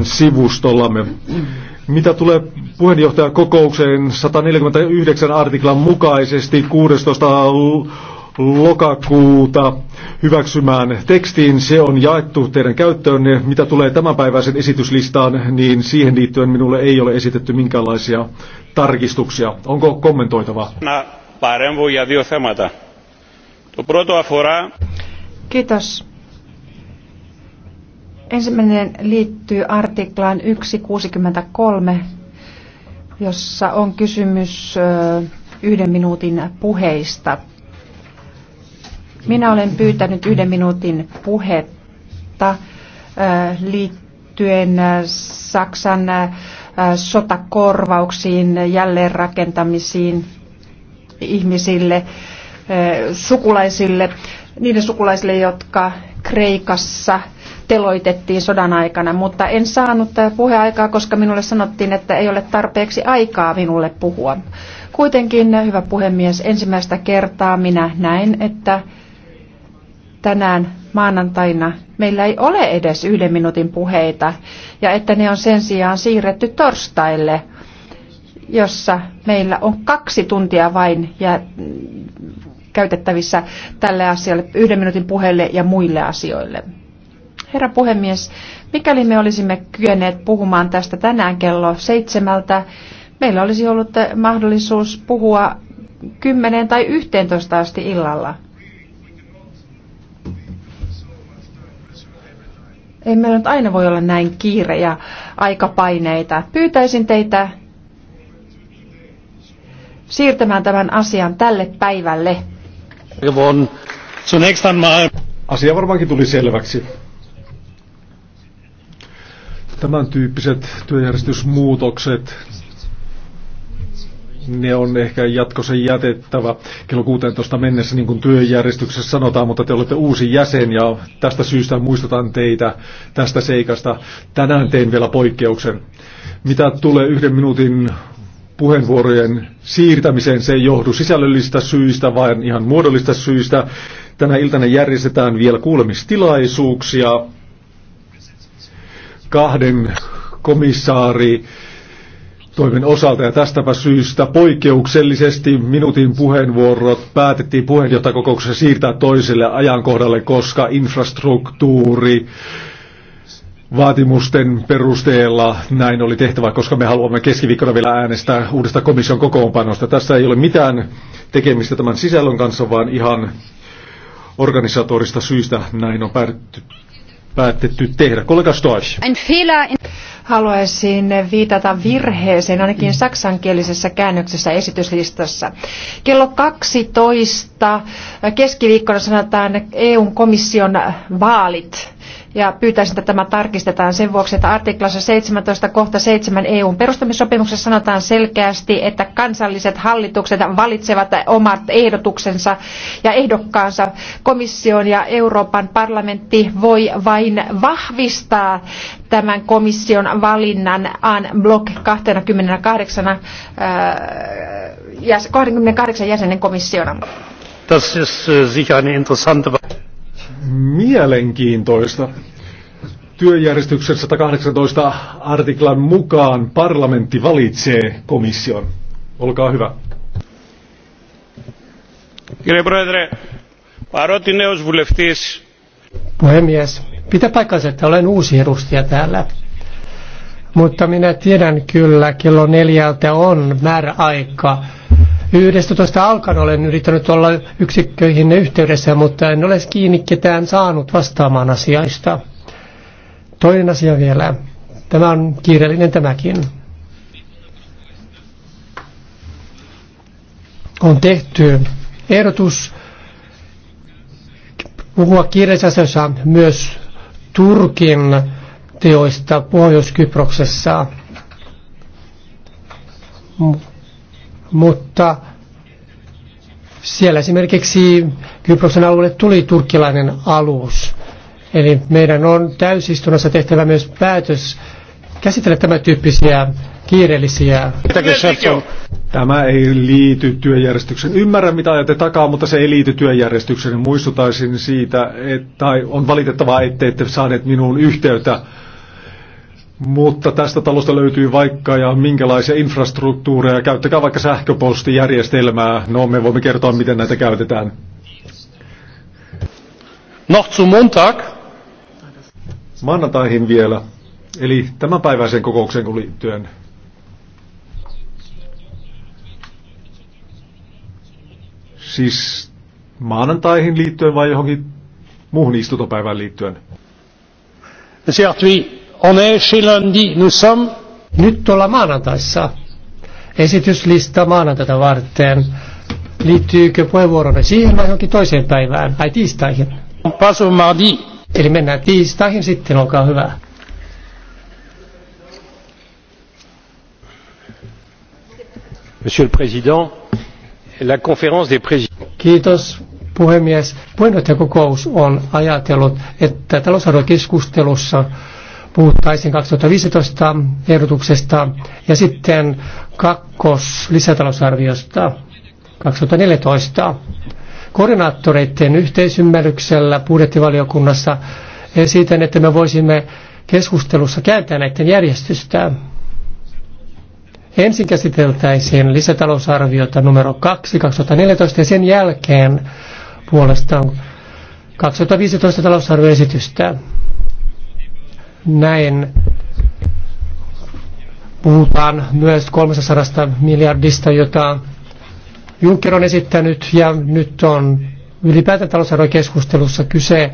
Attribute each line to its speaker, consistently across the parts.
Speaker 1: sivustollamme. Mitä tulee puheenjohtajan kokoukseen 149 artiklan mukaisesti 16 lokakuuta hyväksymään tekstiin. Se on jaettu teidän käyttöön. Mitä tulee tämänpäiväisen esityslistaan, niin siihen liittyen minulle ei ole esitetty minkäänlaisia tarkistuksia. Onko kommentoitava?
Speaker 2: Kiitos. Ensimmäinen liittyy artiklaan 163, jossa on kysymys yhden minuutin puheista. Minä olen pyytänyt yhden minuutin puhetta liittyen Saksan sotakorvauksiin, jälleenrakentamisiin ihmisille, sukulaisille, niiden sukulaisille, jotka Kreikassa – teloitettiin sodan aikana, mutta en saanut äh, puheaikaa, koska minulle sanottiin, että ei ole tarpeeksi aikaa minulle puhua. Kuitenkin, äh, hyvä puhemies, ensimmäistä kertaa minä näin, että tänään maanantaina meillä ei ole edes yhden minuutin puheita ja että ne on sen sijaan siirretty torstaille, jossa meillä on kaksi tuntia vain ja mm, käytettävissä tälle asialle, yhden minuutin puheelle ja muille asioille. Herra puhemies, mikäli me olisimme kyenneet puhumaan tästä tänään kello seitsemältä, meillä olisi ollut mahdollisuus puhua 10 tai 11 asti illalla. Ei meillä nyt aina voi olla näin kiire ja aikapaineita. Pyytäisin teitä siirtämään tämän asian tälle päivälle.
Speaker 1: Asia varmaankin tuli selväksi. Tämän tyyppiset työjärjestysmuutokset, ne on ehkä jatkossa jätettävä kello 16 mennessä, niin kuin työjärjestyksessä sanotaan, mutta te olette uusi jäsen ja tästä syystä muistutan teitä tästä seikasta. Tänään tein vielä poikkeuksen. Mitä tulee yhden minuutin puheenvuorojen siirtämiseen, se ei johdu sisällöllistä syistä, vaan ihan muodollista syistä. Tänä iltana järjestetään vielä kuulemistilaisuuksia kahden komissaari toimen osalta ja tästäpä syystä poikkeuksellisesti minuutin puheenvuorot päätettiin puheenjohtajakokouksessa siirtää toiselle ajankohdalle, koska infrastruktuuri vaatimusten perusteella näin oli tehtävä, koska me haluamme keskiviikkona vielä äänestää uudesta komission kokoonpanosta. Tässä ei ole mitään tekemistä tämän sisällön kanssa, vaan ihan organisatorista syistä näin on päätetty päätetty tehdä. Kollega Stoish.
Speaker 2: Haluaisin viitata virheeseen ainakin saksankielisessä käännöksessä esityslistassa. Kello 12 keskiviikkona sanotaan EUn komission vaalit ja pyytäisin, että tämä tarkistetaan sen vuoksi, että artiklassa 17 kohta 7 EUn perustamissopimuksessa sanotaan selkeästi, että kansalliset hallitukset valitsevat omat ehdotuksensa ja ehdokkaansa. Komission ja Euroopan parlamentti voi vain vahvistaa tämän komission valinnan an block 28, äh, 28 jäsenen komissiona.
Speaker 3: Das ist äh, sicher eine interessante
Speaker 1: mielenkiintoista. Työjärjestyksen 118 artiklan mukaan parlamentti valitsee komission. Olkaa hyvä.
Speaker 3: Puhemies, pitää paikkansa, että olen uusi edustaja täällä. Mutta minä tiedän kyllä, kello neljältä on määräaika 11 alkaen olen yrittänyt olla yksikköihin yhteydessä, mutta en ole kiinni ketään saanut vastaamaan asiaista. Toinen asia vielä. Tämä on kiireellinen tämäkin. On tehty ehdotus puhua kiireisessä myös Turkin teoista Pohjois-Kyproksessa. M mutta siellä esimerkiksi Kyproksen alueelle tuli turkkilainen alus. Eli meidän on täysistunnossa tehtävä myös päätös käsitellä tämän tyyppisiä kiireellisiä. Tämä ei
Speaker 1: liity työjärjestykseen. Ymmärrän mitä ajatte takaa, mutta se ei liity työjärjestykseen. Muistutaisin siitä, että on valitettavaa, ettei ette saaneet minuun yhteyttä mutta tästä talosta löytyy vaikka ja minkälaisia infrastruktuureja. Käyttäkää vaikka sähköpostijärjestelmää. No, me voimme kertoa, miten näitä käytetään. Noch zum Montag. Maanantaihin vielä. Eli tämänpäiväiseen kokoukseen liittyen. Siis maanantaihin liittyen vai johonkin
Speaker 3: muuhun istuntopäivään liittyen? Se on on est lundi, nous sommes. Nyt tuolla maanantaissa. Esityslista maanantaita varten. Liittyykö puheenvuoronne siihen vai johonkin toiseen päivään? Vai tiistaihin? Pasu mardi. Eli mennään tiistaihin sitten, olkaa hyvä. Monsieur le Président, la conférence des présidents. Kiitos puhemies. Puheenjohtajakokous on ajatellut, että talousarvokeskustelussa keskustelussa puhuttaisiin 2015 ehdotuksesta ja sitten kakkos lisätalousarviosta 2014. Koordinaattoreiden yhteisymmärryksellä budjettivaliokunnassa esitän, että me voisimme keskustelussa kääntää näiden järjestystä. Ensin käsiteltäisiin lisätalousarviota numero 2 2014 ja sen jälkeen puolestaan 2015 talousarvioesitystä. Näin puhutaan myös 300 miljardista, jota Juncker on esittänyt ja nyt on ylipäätään talousarvokeskustelussa kyse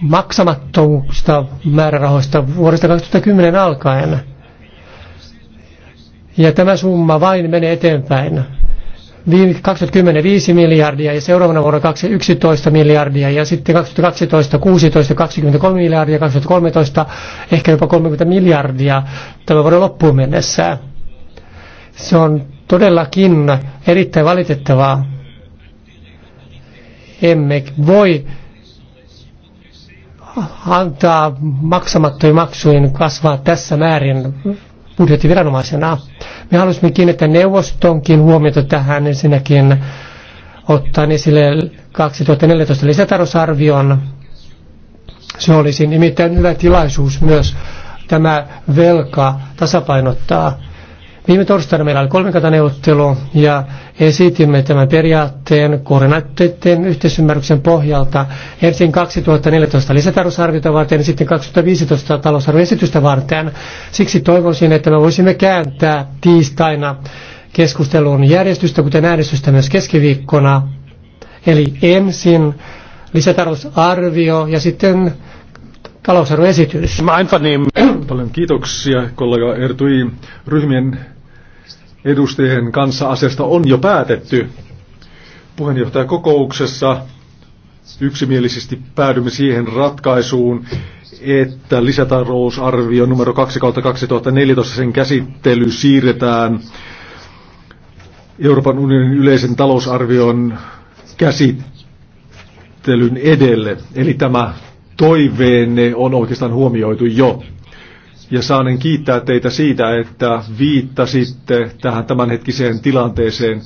Speaker 3: maksamattomista määrärahoista vuodesta 2010 alkaen. Ja tämä summa vain menee eteenpäin. 2015 miljardia ja seuraavana vuonna 2011 miljardia ja sitten 2012, 16, 23 miljardia, 2013 ehkä jopa 30 miljardia tämän vuoden loppuun mennessä. Se on todellakin erittäin valitettavaa. Emme voi antaa maksamattomien maksujen kasvaa tässä määrin budjettiviranomaisena. Me halusimme kiinnittää neuvostonkin huomiota tähän ensinnäkin ottaen esille 2014 lisätarosarvion. Se olisi nimittäin hyvä tilaisuus myös tämä velka tasapainottaa. Viime torstaina meillä oli kolmikantaneuvottelu ja esitimme tämän periaatteen koordinaatteiden yhteisymmärryksen pohjalta ensin 2014 lisätalousarviota varten ja sitten 2015 talousarvioesitystä varten. Siksi toivoisin, että me voisimme kääntää tiistaina keskustelun järjestystä, kuten äänestystä myös keskiviikkona. Eli ensin lisätalousarvio ja sitten talousarvoesitys. Niin
Speaker 1: paljon kiitoksia kollega Ertui. Ryhmien edustajien kanssa asiasta on jo päätetty. Puheenjohtajakokouksessa yksimielisesti päädymme siihen ratkaisuun, että lisätalousarvio numero 2 kautta 2014 sen käsittely siirretään Euroopan unionin yleisen talousarvion käsittelyn edelle. Eli tämä toiveenne on oikeastaan huomioitu jo. Ja saanen kiittää teitä siitä, että viittasitte tähän tämänhetkiseen tilanteeseen.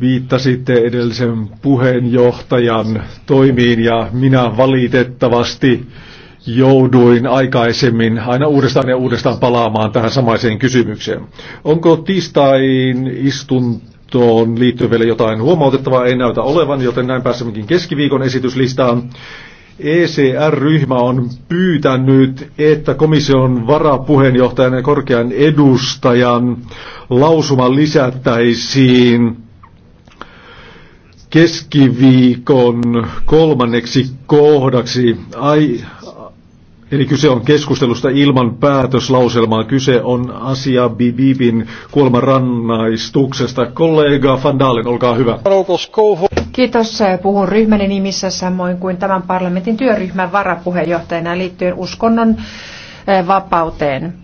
Speaker 1: Viittasitte edellisen puheenjohtajan toimiin ja minä valitettavasti jouduin aikaisemmin aina uudestaan ja uudestaan palaamaan tähän samaiseen kysymykseen. Onko tiistain istunto tuohon liittyy vielä jotain huomautettavaa, ei näytä olevan, joten näin pääsemmekin keskiviikon esityslistaan. ECR-ryhmä on pyytänyt, että komission varapuheenjohtajan ja korkean edustajan lausuma lisättäisiin keskiviikon kolmanneksi kohdaksi. Ai, Eli kyse on keskustelusta ilman päätöslauselmaa. Kyse on asia Bibibin kuoleman rannaistuksesta. Kollega Van Dalen, olkaa hyvä.
Speaker 2: Kiitos. Puhun ryhmäni nimissä samoin kuin tämän parlamentin työryhmän varapuheenjohtajana liittyen uskonnon eh, vapauteen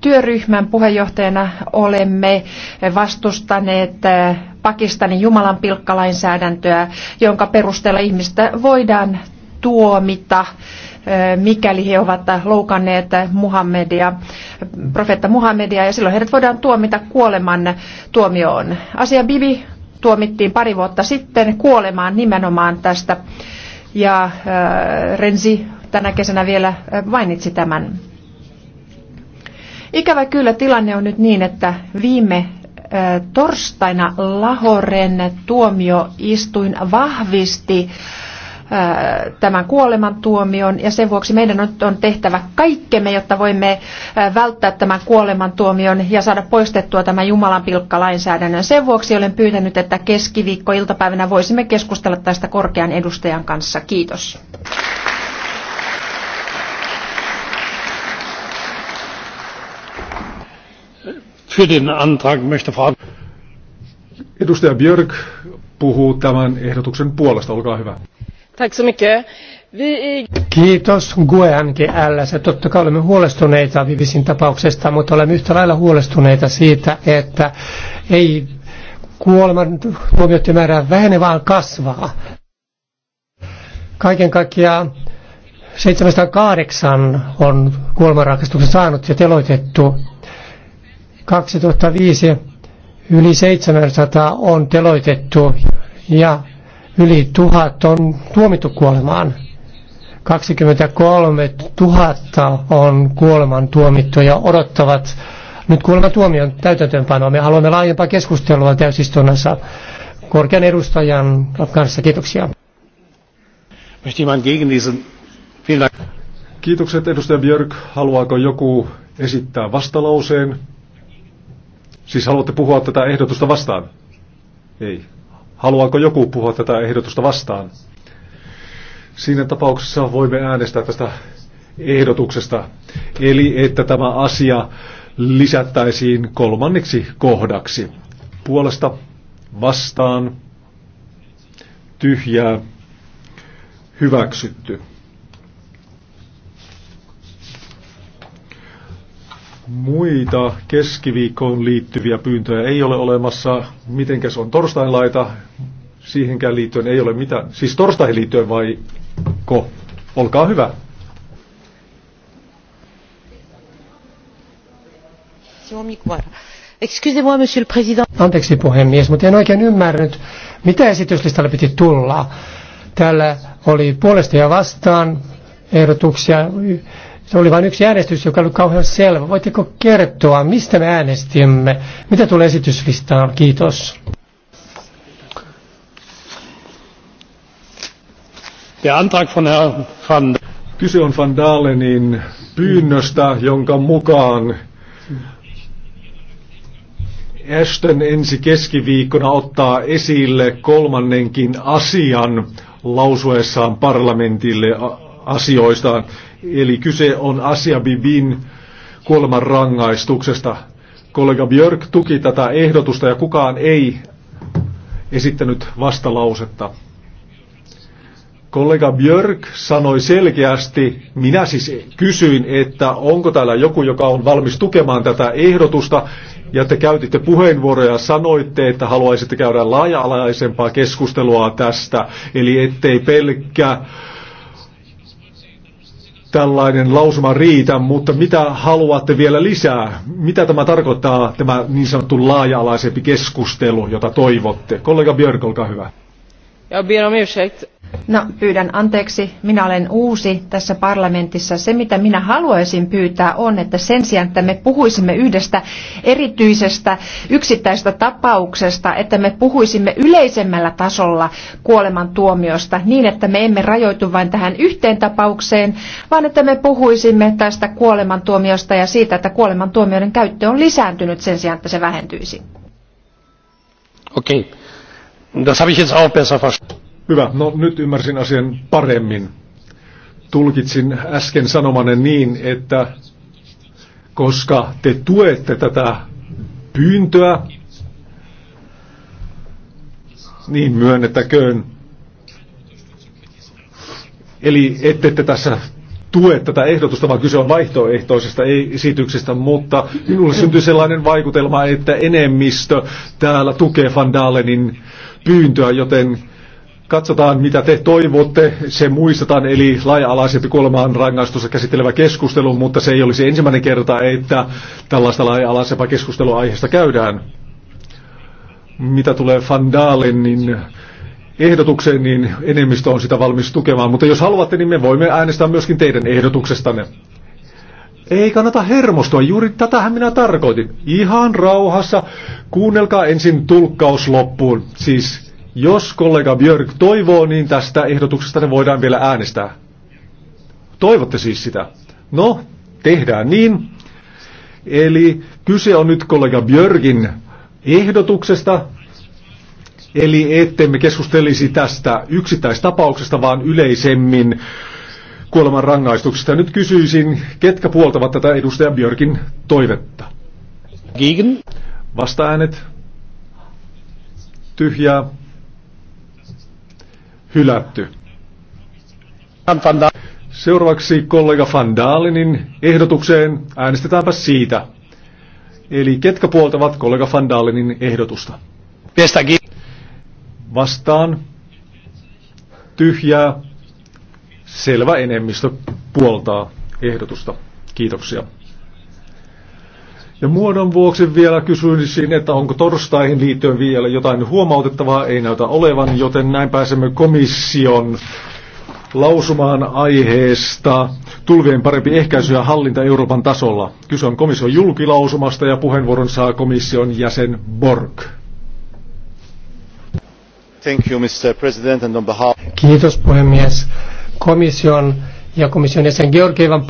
Speaker 2: työryhmän puheenjohtajana olemme vastustaneet eh, Pakistanin Jumalan pilkkalainsäädäntöä, jonka perusteella ihmistä voidaan tuomita mikäli he ovat loukanneet Muhammedia, profeetta Muhammedia, ja silloin heidät voidaan tuomita kuoleman tuomioon. Asia Bibi tuomittiin pari vuotta sitten kuolemaan nimenomaan tästä, ja Renzi tänä kesänä vielä mainitsi tämän. Ikävä kyllä tilanne on nyt niin, että viime torstaina Lahoren tuomioistuin vahvisti tämän kuolemantuomion ja sen vuoksi meidän on tehtävä kaikkemme, jotta voimme välttää tämän kuolemantuomion ja saada poistettua tämän Jumalan pilkkalainsäädännön. Sen vuoksi olen pyytänyt, että keskiviikko-iltapäivänä voisimme keskustella tästä korkean edustajan kanssa. Kiitos.
Speaker 1: Für den Antrag möchte Frau Edustaja Björk puhuu
Speaker 3: tämän ehdotuksen
Speaker 1: puolesta. Olkaa hyvä.
Speaker 3: Tack så mycket. Vi... Kiitos GNGL. Totta kai olemme huolestuneita Vivisin tapauksesta, mutta olemme yhtä lailla huolestuneita siitä, että ei kuoleman tuomioiden määrä vähene, vaan kasvaa. Kaiken kaikkiaan 708 on kuolemanrakastuksen saanut ja teloitettu. 2005 yli 700 on teloitettu ja Yli tuhat on tuomittu kuolemaan. 23 000 on kuoleman tuomittuja odottavat nyt kuolemantuomion täytäntöönpanoa. Me haluamme laajempaa keskustelua täysistunnassa korkean edustajan kanssa. Kiitoksia.
Speaker 1: Kiitokset edustaja Björk. Haluaako joku esittää vastalauseen? Siis haluatte puhua tätä ehdotusta vastaan? Ei. Haluaako joku puhua tätä ehdotusta vastaan? Siinä tapauksessa voimme äänestää tästä ehdotuksesta. Eli että tämä asia lisättäisiin kolmanneksi kohdaksi. Puolesta vastaan tyhjää hyväksytty. Muita keskiviikkoon liittyviä pyyntöjä ei ole olemassa. Mitenkäs on torstain laita? Siihenkään liittyen ei ole mitään. Siis torstaihin liittyen vai ko? Olkaa hyvä.
Speaker 3: Anteeksi puhemies, mutta en oikein ymmärrynyt, mitä esityslistalle piti tulla. Täällä oli puolesta ja vastaan ehdotuksia se oli vain yksi äänestys, joka oli kauhean selvä. Voitteko kertoa, mistä me äänestimme? Mitä tulee esityslistaan? Kiitos.
Speaker 1: van Kyse on Van Dalenin pyynnöstä, jonka mukaan Ashton ensi keskiviikkona ottaa esille kolmannenkin asian lausuessaan parlamentille asioistaan. Eli kyse on Asia Bibin kuoleman rangaistuksesta. Kollega Björk tuki tätä ehdotusta ja kukaan ei esittänyt vastalausetta. Kollega Björk sanoi selkeästi, minä siis kysyin, että onko täällä joku, joka on valmis tukemaan tätä ehdotusta, ja te käytitte puheenvuoroja ja sanoitte, että haluaisitte käydä laaja-alaisempaa keskustelua tästä, eli ettei pelkkä tällainen lausuma riitä, mutta mitä haluatte vielä lisää? Mitä tämä tarkoittaa, tämä niin sanottu laaja-alaisempi keskustelu, jota toivotte? Kollega Björk, olkaa hyvä.
Speaker 2: Jag ber om ursäkt. No, pyydän anteeksi. Minä olen uusi tässä parlamentissa. Se, mitä minä haluaisin pyytää, on, että sen sijaan, että me puhuisimme yhdestä erityisestä yksittäisestä tapauksesta, että me puhuisimme yleisemmällä tasolla kuolemantuomiosta niin, että me emme rajoitu vain tähän yhteen tapaukseen, vaan että me puhuisimme tästä kuolemantuomiosta ja siitä, että kuolemantuomioiden käyttö on lisääntynyt sen sijaan, että se vähentyisi.
Speaker 3: Okei. Okay. Das habe ich jetzt
Speaker 1: auch besser verstanden. Hyvä, no nyt ymmärsin asian paremmin. Tulkitsin äsken sanomanne niin, että koska te tuette tätä pyyntöä, niin myönnettäköön. Eli ette te tässä tue tätä ehdotusta, vaan kyse on vaihtoehtoisesta esityksestä, mutta minulle syntyi sellainen vaikutelma, että enemmistö täällä tukee Van Dalenin pyyntöä, joten katsotaan mitä te toivotte, se muistetaan, eli laaja-alaisempi kuolemaan rangaistusta käsittelevä keskustelu, mutta se ei olisi ensimmäinen kerta, että tällaista laaja-alaisempaa keskustelua aiheesta käydään. Mitä tulee Van Dalenin ehdotukseen, niin enemmistö on sitä valmis tukemaan. Mutta jos haluatte, niin me voimme äänestää myöskin teidän ehdotuksestanne. Ei kannata hermostua, juuri tätähän minä tarkoitin. Ihan rauhassa, kuunnelkaa ensin tulkkaus loppuun. Siis jos kollega Björk toivoo, niin tästä ehdotuksesta ne voidaan vielä äänestää. Toivotte siis sitä. No, tehdään niin. Eli kyse on nyt kollega Björkin ehdotuksesta, Eli ettemme keskustelisi tästä yksittäistapauksesta, vaan yleisemmin kuoleman rangaistuksesta. Nyt kysyisin, ketkä puoltavat tätä edustaja Björkin toivetta? Gegen. Vastaäänet. Tyhjää. Hylätty. Seuraavaksi kollega Van Dalinin ehdotukseen äänestetäänpä siitä. Eli ketkä puoltavat kollega Van Dalinin ehdotusta? Pestäkin vastaan tyhjää selvä enemmistö puoltaa ehdotusta. Kiitoksia. Ja muodon vuoksi vielä kysyisin, että onko torstaihin liittyen vielä jotain huomautettavaa, ei näytä olevan, joten näin pääsemme komission lausumaan aiheesta tulvien parempi ehkäisy ja hallinta Euroopan tasolla. Kyse on komission julkilausumasta ja puheenvuoron saa komission jäsen Borg. Kiitos
Speaker 3: puhemies. Komission ja komission jäsen Georgievan